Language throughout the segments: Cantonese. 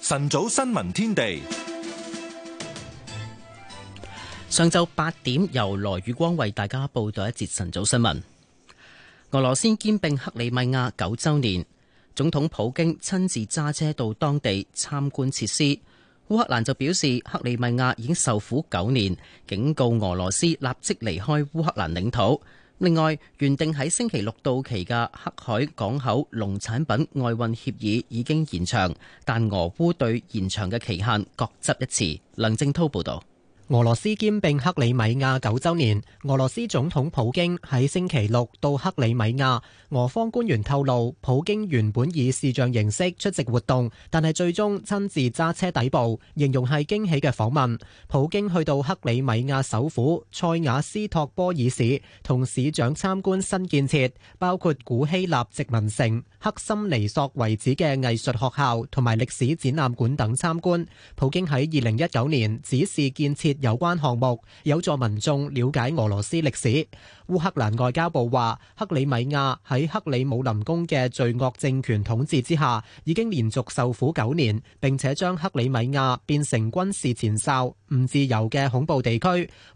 晨早新聞天地，上晝八點由羅宇光為大家報道一節晨早新聞。俄羅斯兼併克里米亞九周年，總統普京親自揸車到當地參觀設施。烏克蘭就表示，克里米亞已經受苦九年，警告俄羅斯立即離開烏克蘭領土。另外，原定喺星期六到期嘅黑海港口農產品外運協議已經延長，但俄烏對延長嘅期限各執一詞，梁正濤報道。俄羅斯兼併克里米亞九周年，俄羅斯總統普京喺星期六到克里米亞。俄方官員透露，普京原本以視像形式出席活動，但係最終親自揸車抵步，形容係驚喜嘅訪問。普京去到克里米亞首府塞瓦斯托波爾市，同市長參觀新建設，包括古希臘殖民城、黑森尼索遺址嘅藝術學校同埋歷史展覽館等參觀。普京喺二零一九年指示建設。有關項目有助民眾了解俄羅斯歷史。烏克蘭外交部話，克里米亞喺克里姆林宮嘅罪惡政權統治之下，已經連續受苦九年，並且將克里米亞變成軍事前哨、唔自由嘅恐怖地區。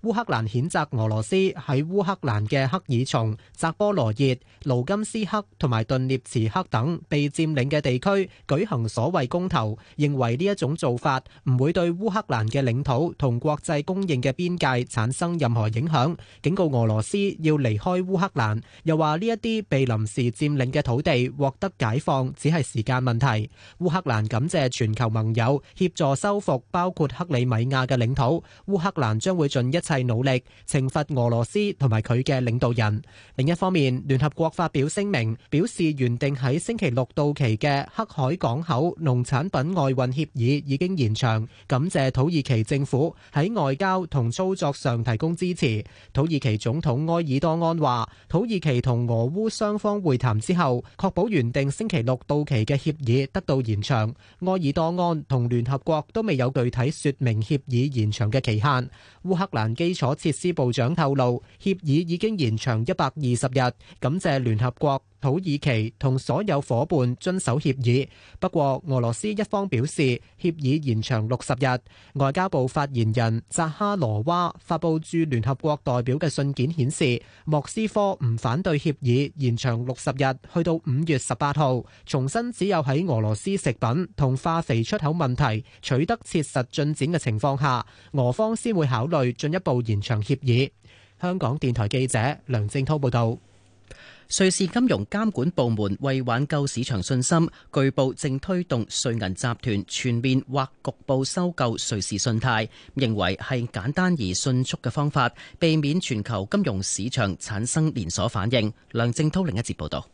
烏克蘭譴責俄羅斯喺烏克蘭嘅克爾松、扎波羅熱、盧甘斯克同埋頓涅茨克等被佔領嘅地區舉行所謂公投，認為呢一種做法唔會對烏克蘭嘅領土同國公認嘅邊界產生任何影響，警告俄羅斯要離開烏克蘭，又話呢一啲被臨時佔領嘅土地獲得解放只係時間問題。烏克蘭感謝全球盟友協助收復包括克里米亞嘅領土，烏克蘭將會盡一切努力懲罰俄羅斯同埋佢嘅領導人。另一方面，聯合國發表聲明表示，原定喺星期六到期嘅黑海港口農產品外運協議已經延長，感謝土耳其政府喺外交同操作上提供支持。土耳其總統埃爾多安話：土耳其同俄烏雙方會談之後，確保原定星期六到期嘅協議得到延長。埃爾多安同聯合國都未有具體說明協議延長嘅期限。烏克蘭基礎設施部長透露，協議已經延長一百二十日，感謝聯合國。土耳其同所有伙伴遵守協議，不過俄羅斯一方表示協議延長六十日。外交部發言人扎哈羅娃發布駐聯合國代表嘅信件顯示，莫斯科唔反對協議延長六十日，去到五月十八號。重申只有喺俄羅斯食品同化肥出口問題取得切實進展嘅情況下，俄方先會考慮進一步延長協議。香港電台記者梁正濤報道。瑞士金融監管部門為挽救市場信心，據報正推動瑞銀集團全面或局部收購瑞士信貸，認為係簡單而迅速嘅方法，避免全球金融市場產生連鎖反應。梁正濤另一節報道。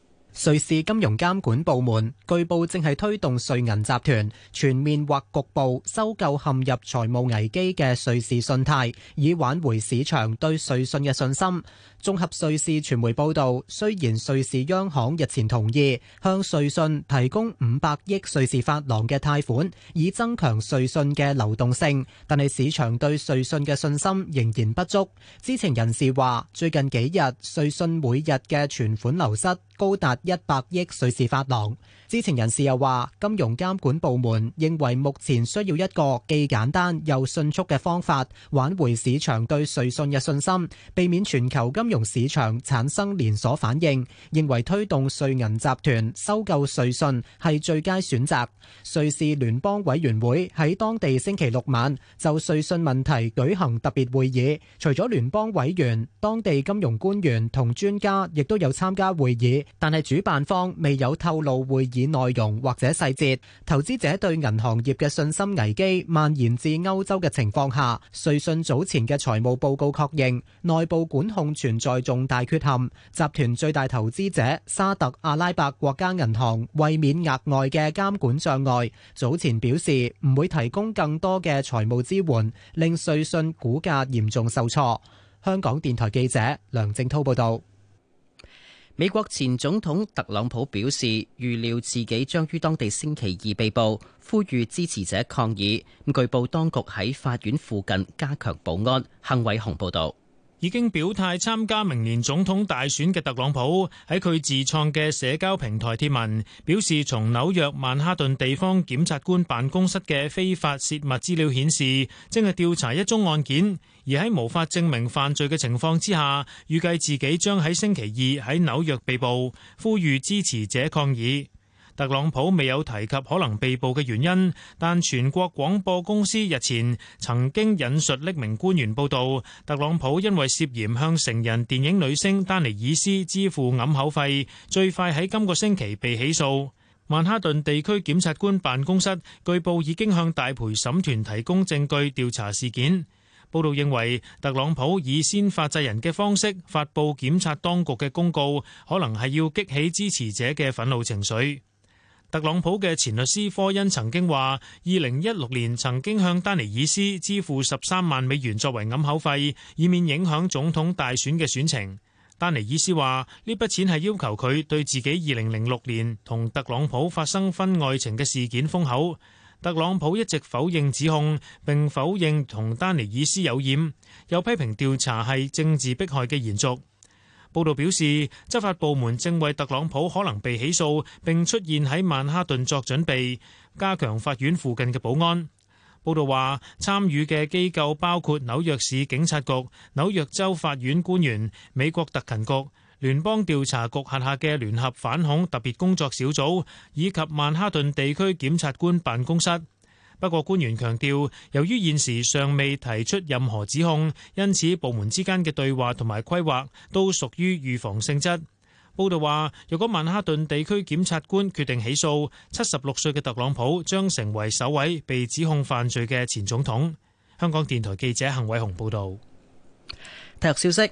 瑞士金融監管部門據報正係推動瑞銀集團全面或局部收購陷入財務危機嘅瑞士信貸，以挽回市場對瑞信嘅信心。綜合瑞士傳媒報道，雖然瑞士央行日前同意向瑞信提供五百億瑞士法郎嘅貸款，以增強瑞信嘅流動性，但係市場對瑞信嘅信心仍然不足。知情人士話，最近幾日瑞信每日嘅存款流失高達一百億瑞士法郎。知情人士又話，金融監管部門認為目前需要一個既簡單又迅速嘅方法，挽回市場對瑞信嘅信心，避免全球金融市場產生連鎖反應。認為推動瑞銀集團收購瑞信係最佳選擇。瑞士聯邦委員會喺當地星期六晚就瑞信問題舉行特別會議，除咗聯邦委員、當地金融官員同專家，亦都有參加會議。但係主辦方未有透露會議內容或者細節。投資者對銀行業嘅信心危機蔓延至歐洲嘅情況下，瑞信早前嘅財務報告確認內部管控存在重大缺陷。集團最大投資者沙特阿拉伯國家銀行為免額外嘅監管障礙，早前表示唔會提供更多嘅財務支援，令瑞信股價嚴重受挫。香港電台記者梁正濤報道。美國前總統特朗普表示預料自己將於當地星期二被捕，呼籲支持者抗議。據報當局喺法院附近加強保安。幸偉雄報導。已經表態參加明年總統大選嘅特朗普，喺佢自創嘅社交平台貼文，表示從紐約曼哈頓地方檢察官辦公室嘅非法洩密資料顯示，正係調查一宗案件，而喺無法證明犯罪嘅情況之下，預計自己將喺星期二喺紐約被捕，呼籲支持者抗議。特朗普未有提及可能被捕嘅原因，但全國廣播公司日前曾經引述匿名官員報道，特朗普因為涉嫌向成人電影女星丹尼爾斯支付暗口費，最快喺今個星期被起訴。曼哈頓地區檢察官辦公室據報已經向大陪審團提供證據調查事件。報道認為，特朗普以先發制人嘅方式發布檢察當局嘅公告，可能係要激起支持者嘅憤怒情緒。特朗普嘅前律師科恩曾經話，二零一六年曾經向丹尼爾斯支付十三萬美元作為掩口費，以免影響總統大選嘅選情。丹尼爾斯話呢筆錢係要求佢對自己二零零六年同特朗普發生婚外情嘅事件封口。特朗普一直否認指控，並否認同丹尼爾斯有染，又批評調查係政治迫害嘅延續。報道表示，執法部門正為特朗普可能被起訴並出現喺曼哈頓作準備，加強法院附近嘅保安。報道話，參與嘅機構包括紐約市警察局、紐約州法院官員、美國特勤局、聯邦調查局轄下嘅聯合反恐特別工作小組，以及曼哈頓地區檢察官辦公室。不過，官員強調，由於現時尚未提出任何指控，因此部門之間嘅對話同埋規劃都屬於預防性質。報道話，若果曼哈頓地區檢察官決定起訴，七十六歲嘅特朗普將成為首位被指控犯罪嘅前總統。香港電台記者幸偉雄報導。體育消息：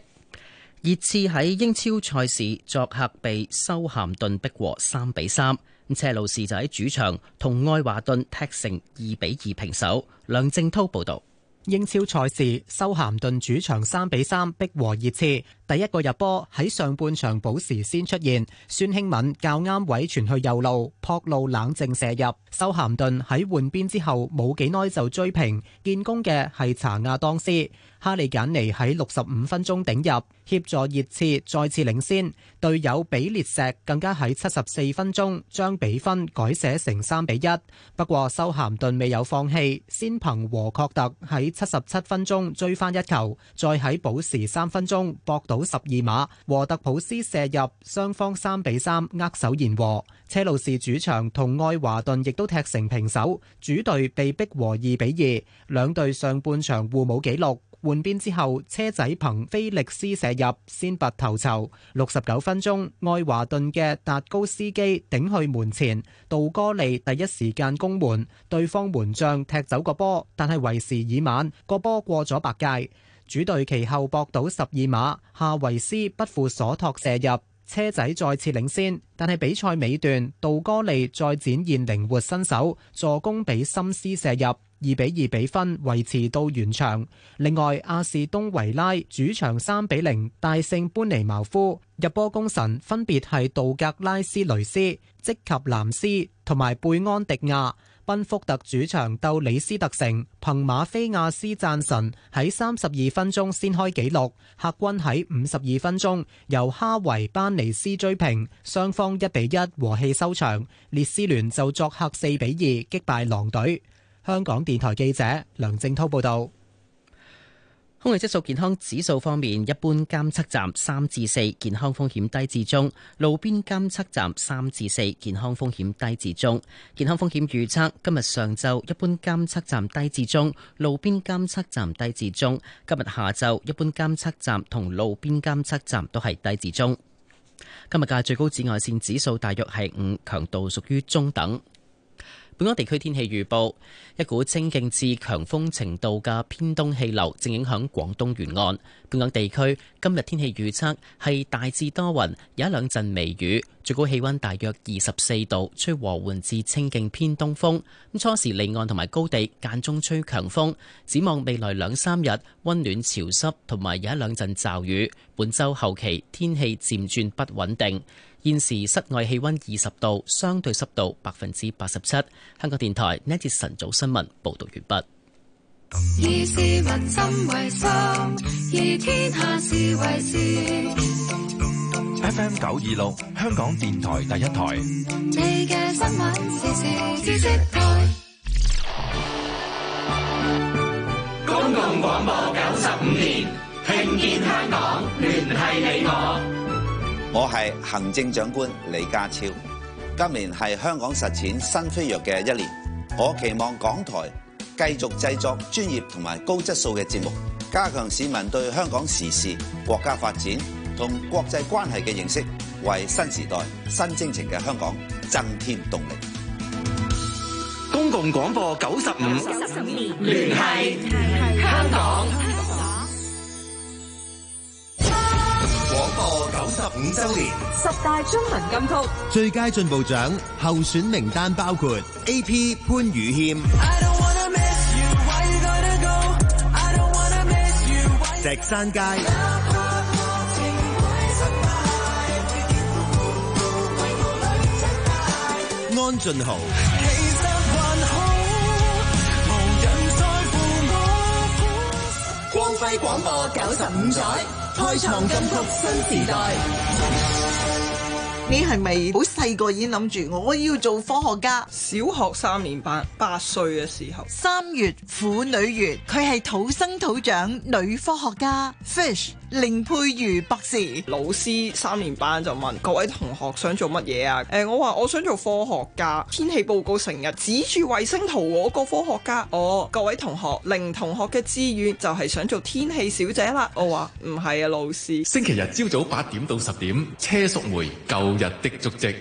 熱刺喺英超賽事作客被修咸頓逼和三比三。車路士就喺主場同愛華頓踢成二比二平手。梁正濤報道英超賽事，修咸頓主場三比三逼和熱刺。第一個入波喺上半場補時先出現，孫興敏較啱位傳去右路，柏路冷靜射入。修咸頓喺換邊之後冇幾耐就追平，建功嘅係查亞當斯。哈利簡尼喺六十五分鐘頂入，協助熱刺再次領先。隊友比列石更加喺七十四分鐘將比分改寫成三比一。不過修咸頓未有放棄，先憑和確特喺七十七分鐘追翻一球，再喺補時三分鐘博到。九十二碼，和特普斯射入，雙方三比三握手言和。車路士主場同愛華頓亦都踢成平手，主隊被迫和二比二。兩隊上半場互冇紀錄，換邊之後，車仔憑菲力斯射入先拔頭籌。六十九分鐘，愛華頓嘅達高斯基頂去門前，道哥利第一時間攻門，對方門將踢走個波，但係為時已晚，個波過咗白界。主隊其後博到十二碼，夏維斯不負所託射入，車仔再次領先。但係比賽尾段，道哥利再展現靈活身手，助攻比森斯射入，二比二比分維持到完場。另外，阿士東維拉主場三比零大勝班尼茅夫，入波功臣分別係道格拉斯雷斯、積及南斯同埋貝安迪亞。賓福特主場鬥李斯特城，憑馬菲亞斯贊神喺三十二分鐘先開紀錄，客軍喺五十二分鐘由哈維班尼斯追平，雙方一比一和氣收場。列斯聯就作客四比二擊敗狼隊。香港電台記者梁正濤報道。空氣質素健康指數方面，一般監測站三至四，健康風險低至中；路邊監測站三至四，健康風險低至中。健康風險預測今日上晝一般監測站低至中，路邊監測站低至中。今日下晝一般監測站同路邊監測站都係低至中。今日嘅最高紫外線指數大約係五，強度屬於中等。本港地區天氣預報：一股清勁至強風程度嘅偏東氣流正影響廣東沿岸。本港地區今日天氣預測係大致多雲，有一兩陣微雨。最高氣溫大約二十四度，吹和緩至清勁偏東風。咁初時離岸同埋高地間中吹強風。展望未來兩三日溫暖潮濕，同埋有一兩陣驟雨。本周後期天氣漸轉不穩定。現時室外氣溫二十度，相對濕度百分之八十七。香港電台呢節晨早新聞報道完畢。FM 九二六，香港電台第一台。公共廣播九十五年，聽見香港，聯繫你我。我係行政長官李家超。今年係香港實踐新飛躍嘅一年，我期望港台繼續製作專業同埋高質素嘅節目，加強市民對香港時事、國家發展，同國際關係嘅認識，為新時代新征程嘅香港增添動力。公共廣播九十五周年，聯繫香港。香港廣播九十五週年十大中文金曲最佳進步獎候選名單，包括 AP 潘宇謙、石山街。安俊豪，光輝廣播九十五載，開創金曲新時代。你係咪好細個已經諗住我要做科學家？小學三年班，八歲嘅時候。三月婦女月，佢係土生土長女科學家，Fish 凌佩如博士。老師三年班就問各位同學想做乜嘢啊？誒、欸，我話我想做科學家，天氣報告成日指住衛星圖嗰個科學家。哦，各位同學，凌同學嘅志願就係想做天氣小姐啦。我話唔係啊，老師。星期日朝早八點到十點，車淑梅舊日的足跡，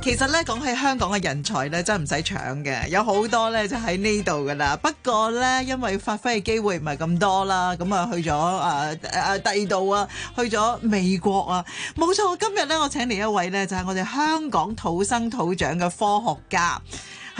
其實咧講起香港嘅人才咧，真係唔使搶嘅，有好多咧就喺呢度㗎喇。不過咧，因為發揮嘅機會唔係咁多啦，咁啊去咗啊啊第二度啊，去咗美國啊，冇錯。今日咧，我請嚟一位咧，就係我哋香港土生土長嘅科學家。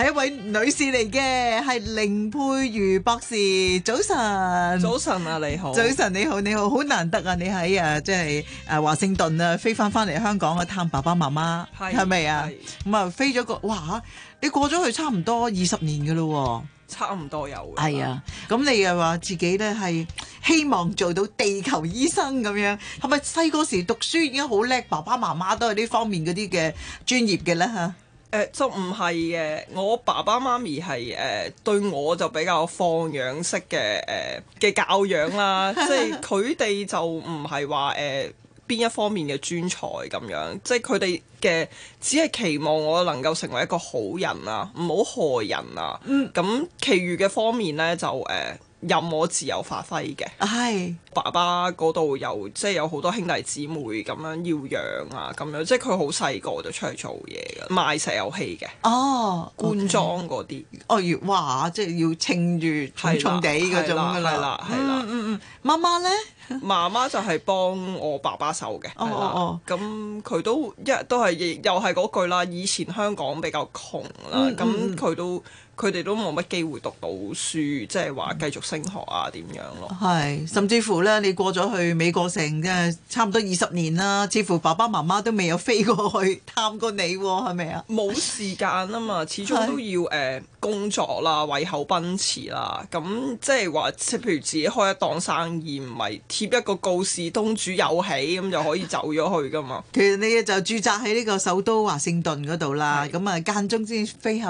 係一位女士嚟嘅，係凌佩如博士。早晨，早晨啊，你好，早晨你好，你好，好難得啊！你喺啊，即係誒華盛頓啊，飛翻翻嚟香港啊，探爸爸媽媽，係係咪啊？咁啊是、嗯，飛咗個哇，你過咗去差唔多二十年噶咯、啊，差唔多有。係啊，咁你又話自己咧係希望做到地球醫生咁樣，係咪細個時讀書已經好叻？爸爸媽媽都係呢方面嗰啲嘅專業嘅咧吓。誒、呃，就唔係嘅，我爸爸媽咪係誒，對我就比較放養式嘅誒嘅教養啦， 即係佢哋就唔係話誒邊一方面嘅專才咁樣，即係佢哋嘅只係期望我能夠成為一個好人啊，唔好害人啊，咁、嗯、其餘嘅方面呢，就誒。呃任我自由發揮嘅，係、哎、爸爸嗰度又即係有好多兄弟姊妹咁樣要養啊，咁樣即係佢好細個就出去做嘢嘅，賣石油氣嘅。哦、啊，罐裝嗰啲哦，哇！即係要稱住重重地嗰種嘅。係啦、啊，係啦、啊，係啦、啊啊嗯，嗯嗯嗯。媽媽咧，媽媽就係幫我爸爸手嘅、啊哦。哦哦。咁佢都一都係又係嗰句啦。以前香港比較窮啦，咁佢都。嗯嗯嗯佢哋都冇乜機會讀到書，即係話繼續升學啊？點樣咯？係，甚至乎呢，你過咗去美國城，即係差唔多二十年啦。似乎爸爸媽媽都未有飛過去探過你，係咪啊？冇時間啊嘛，始終都要誒、 呃、工作啦，為口奔馳啦。咁即係話，譬如自己開一檔生意，唔係貼一個告示，東主有喜，咁就可以走咗去噶嘛。其實你就駐紮喺呢個首都華盛頓嗰度啦，咁啊的間中之飛行。